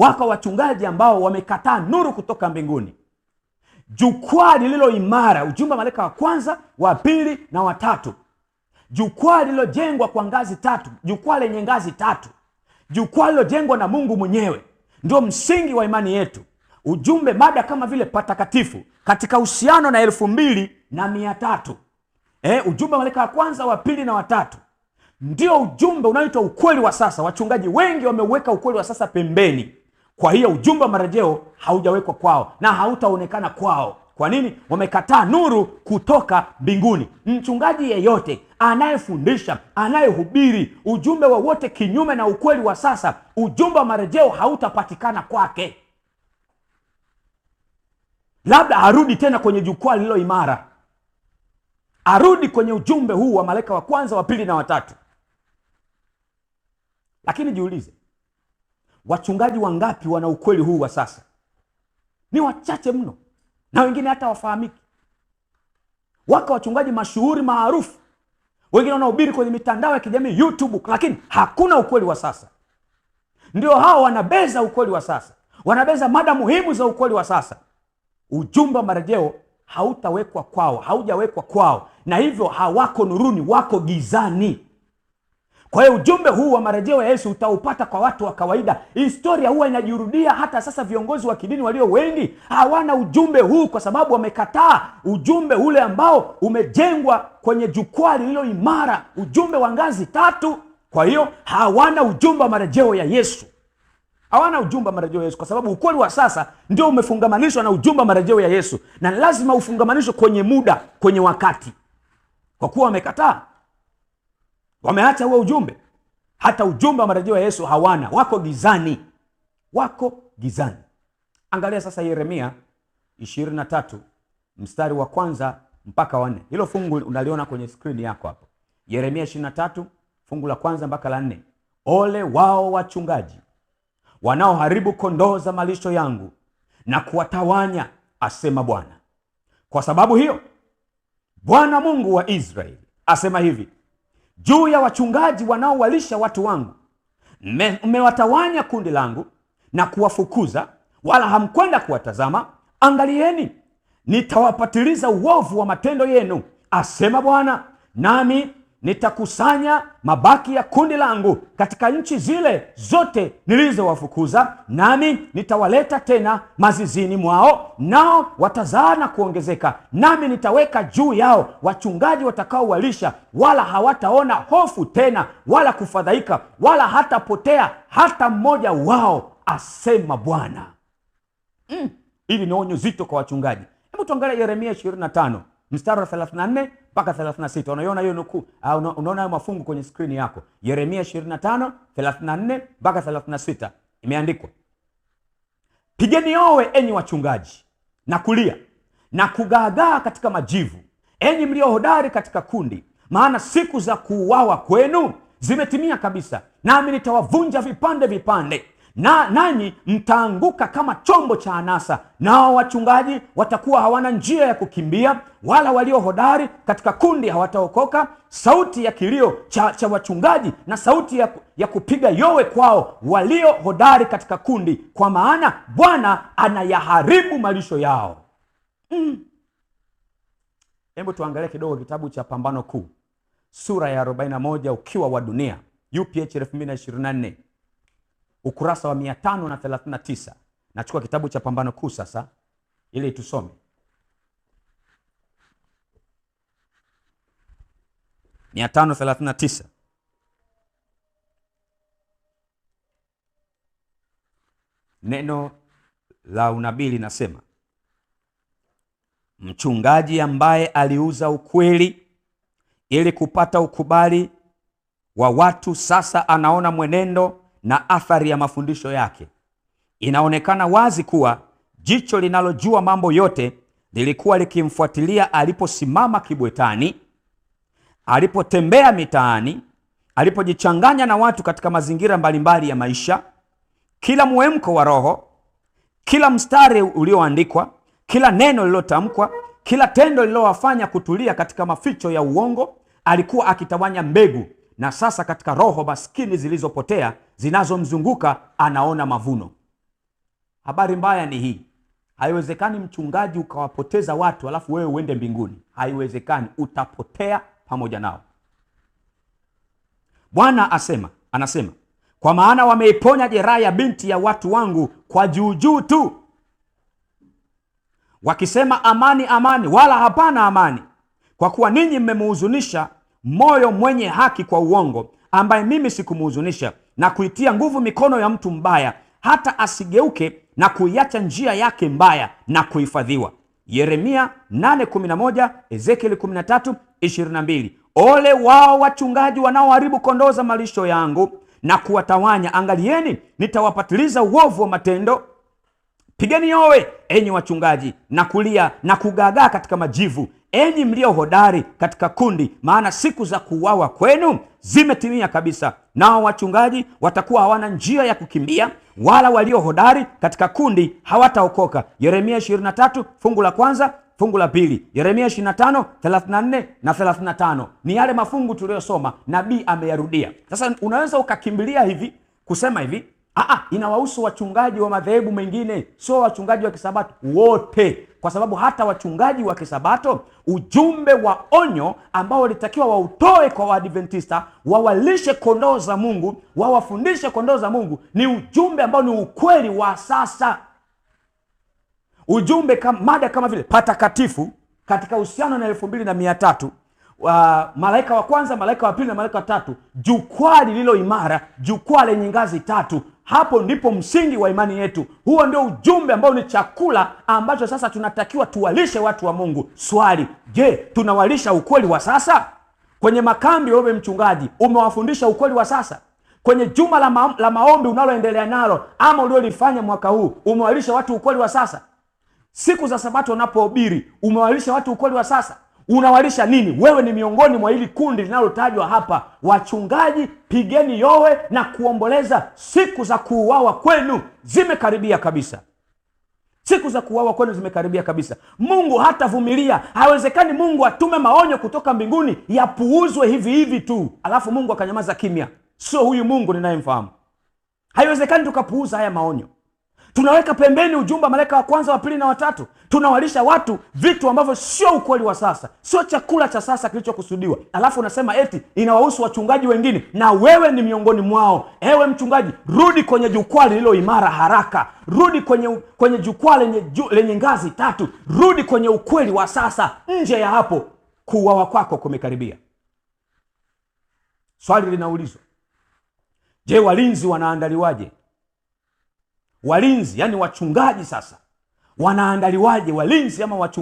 wako wachungaji ambao wamekataa nuru kutoka mbinguni, jukwaa lililo imara, ujumbe wa malaika wa kwanza, wa pili na watatu, jukwaa lililojengwa kwa ngazi tatu, jukwaa lenye ngazi tatu, jukwaa lililojengwa na Mungu mwenyewe, ndio msingi wa imani yetu. Ujumbe mada kama vile patakatifu katika uhusiano na elfu mbili na mia tatu e, ujumbe wa malaika wa kwanza, wa pili na watatu ndio ujumbe unaoitwa ukweli wa sasa. Wachungaji wengi wameuweka ukweli wa sasa pembeni. Kwa hiyo ujumbe wa marejeo haujawekwa kwao na hautaonekana kwao. Kwa nini? Wamekataa nuru kutoka mbinguni. Mchungaji yeyote anayefundisha, anayehubiri ujumbe wowote kinyume na ukweli wa sasa, ujumbe wa marejeo hautapatikana kwake. Labda arudi tena kwenye jukwaa lililo imara, arudi kwenye ujumbe huu wa malaika wa kwanza, wa pili na watatu. Lakini jiulize, Wachungaji wangapi wana ukweli huu wa sasa? Ni wachache mno, na wengine hata wafahamiki. Wako wachungaji mashuhuri maarufu, wengine wanahubiri kwenye mitandao ya kijamii YouTube, lakini hakuna ukweli wa sasa. Ndio hao wanabeza ukweli wa sasa, wanabeza mada muhimu za ukweli wa sasa. Ujumbe wa marejeo hautawekwa kwao, haujawekwa kwao, na hivyo hawako nuruni, wako gizani. Kwa hiyo ujumbe huu wa marejeo ya Yesu utaupata kwa watu wa kawaida. Historia huwa inajirudia hata sasa. Viongozi wa kidini walio wengi hawana ujumbe huu kwa sababu wamekataa ujumbe ule ambao umejengwa kwenye jukwaa lililo imara, ujumbe wa ngazi tatu. Kwa hiyo hawana ujumbe wa marejeo ya Yesu, hawana ujumbe wa marejeo ya Yesu kwa sababu ukweli wa sasa ndio umefungamanishwa na ujumbe wa marejeo ya Yesu, na lazima ufungamanishwe kwenye muda, kwenye wakati, kwa kuwa wamekataa Wameacha huo ujumbe, hata ujumbe wa marejeo ya Yesu hawana, wako gizani, wako gizani. Angalia sasa Yeremia 23 mstari wa kwanza mpaka wa Hilo fungu unaliona kwenye skrini yako hapo, Yeremia 23 fungu la kwanza mpaka la nne. Ole wao wachungaji wanaoharibu kondoo za malisho yangu na kuwatawanya, asema Bwana. Kwa sababu hiyo Bwana Mungu wa Israeli asema hivi juu ya wachungaji wanaowalisha watu wangu. Mmewatawanya kundi langu na kuwafukuza, wala hamkwenda kuwatazama. Angalieni, nitawapatiliza uovu wa matendo yenu, asema Bwana, nami nitakusanya mabaki ya kundi langu katika nchi zile zote nilizowafukuza, nami nitawaleta tena mazizini mwao, nao watazaa na kuongezeka, nami nitaweka juu yao wachungaji watakaowalisha, wala hawataona hofu tena wala kufadhaika, wala hatapotea hata mmoja wao, asema Bwana. Mm, hili ni onyo zito kwa wachungaji. Hebu tuangalia Yeremia 25 mstari wa 34 mpaka 36. Unaiona hiyo nukuu? Unaona hayo mafungu kwenye skrini yako, Yeremia 25 34 mpaka 36, imeandikwa pigeni yowe, enyi wachungaji, na kulia na kugaagaa katika majivu, enyi mlio hodari katika kundi, maana siku za kuuawa kwenu zimetimia kabisa, nami nitawavunja vipande vipande na nanyi mtaanguka kama chombo cha anasa, nao wachungaji watakuwa hawana njia ya kukimbia, wala walio hodari katika kundi hawataokoka. Sauti ya kilio cha, cha wachungaji na sauti ya, ya kupiga yowe kwao walio hodari katika kundi, kwa maana Bwana anayaharibu malisho yao. Mm. Hebu tuangalie kidogo kitabu cha Pambano Kuu sura ya 41 ukiwa wa dunia, UPH 2024 ukurasa wa 539. Nachukua kitabu cha Pambano Kuu sasa ili tusome 539 Neno la unabii linasema mchungaji ambaye aliuza ukweli ili kupata ukubali wa watu, sasa anaona mwenendo na athari ya mafundisho yake. Inaonekana wazi kuwa jicho linalojua mambo yote lilikuwa likimfuatilia aliposimama kibwetani, alipotembea mitaani, alipojichanganya na watu katika mazingira mbalimbali ya maisha, kila mwemko wa roho, kila mstari ulioandikwa, kila neno lililotamkwa, kila tendo lililowafanya kutulia katika maficho ya uongo. Alikuwa akitawanya mbegu na sasa katika roho maskini zilizopotea zinazomzunguka anaona mavuno. Habari mbaya ni hii, haiwezekani mchungaji ukawapoteza watu alafu wewe uende mbinguni. Haiwezekani, utapotea pamoja nao. Bwana asema, anasema kwa maana wameiponya jeraha ya binti ya watu wangu kwa juujuu tu, wakisema amani, amani, wala hapana amani, kwa kuwa ninyi mmemuhuzunisha moyo mwenye haki kwa uongo, ambaye mimi sikumhuzunisha na kuitia nguvu mikono ya mtu mbaya, hata asigeuke na kuiacha njia yake mbaya na kuhifadhiwa. Yeremia 8:11, Ezekieli 13:22. Ole wao wachungaji wanaoharibu kondoo za malisho yangu na kuwatawanya. Angalieni, nitawapatiliza uovu wa matendo. Pigeni yowe enyi wachungaji, na kulia na kugaagaa katika majivu, enyi mlio hodari katika kundi, maana siku za kuuawa kwenu zimetimia kabisa. Nao wachungaji watakuwa hawana njia ya kukimbia, wala walio hodari katika kundi hawataokoka. Yeremia 23 fungu la kwanza fungu la pili Yeremia 25 34 na 35. Ni yale mafungu tuliyosoma, nabii ameyarudia. Sasa unaweza ukakimbilia hivi kusema hivi, inawahusu wachungaji wa madhehebu mengine, sio wachungaji wa kisabatu wote kwa sababu hata wachungaji wa Kisabato ujumbe wa onyo ambao walitakiwa wautoe kwa Waadventista, wawalishe kondoo za Mungu, wawafundishe kondoo za Mungu, ni ujumbe ambao ni ukweli wa sasa. Ujumbe kam, mada kama vile patakatifu katika uhusiano na elfu mbili na mia tatu uh, malaika wa kwanza, malaika wa pili na malaika wa tatu, jukwaa lililo imara, jukwaa lenye ngazi tatu, hapo ndipo msingi wa imani yetu. Huo ndio ujumbe ambao ni chakula ambacho sasa tunatakiwa tuwalishe watu wa Mungu. Swali, je, tunawalisha ukweli wa sasa? Kwenye makambi wewe mchungaji, umewafundisha ukweli wa sasa? Kwenye juma la, ma la maombi unaloendelea nalo ama uliolifanya mwaka huu, umewalisha watu ukweli wa sasa? Siku za Sabato unapohubiri, umewalisha watu ukweli wa sasa? unawalisha nini? Wewe ni miongoni mwa hili kundi linalotajwa hapa, wachungaji, pigeni yowe na kuomboleza, siku za kuuawa kwenu zimekaribia kabisa. Siku za kuuawa kwenu zimekaribia kabisa. Mungu hatavumilia. Haiwezekani Mungu atume maonyo kutoka mbinguni yapuuzwe hivi hivi tu, alafu Mungu akanyamaza kimya. Sio huyu Mungu ninayemfahamu. Haiwezekani tukapuuza haya maonyo. Tunaweka pembeni ujumba malaika wa kwanza, wa pili na watatu tunawalisha watu vitu ambavyo sio ukweli wa sasa, sio chakula cha sasa kilichokusudiwa, alafu unasema eti inawahusu wachungaji wengine, na wewe ni miongoni mwao. Ewe mchungaji, rudi kwenye jukwaa lililo imara haraka, rudi kwenye kwenye jukwaa lenye, ju, lenye ngazi tatu, rudi kwenye ukweli wa sasa. Nje ya hapo kuuawa kwako kumekaribia. Swali linaulizwa, je, walinzi wanaandaliwaje? Walinzi yani wachungaji sasa wanaandaliwaje walinzi ama wachungaji?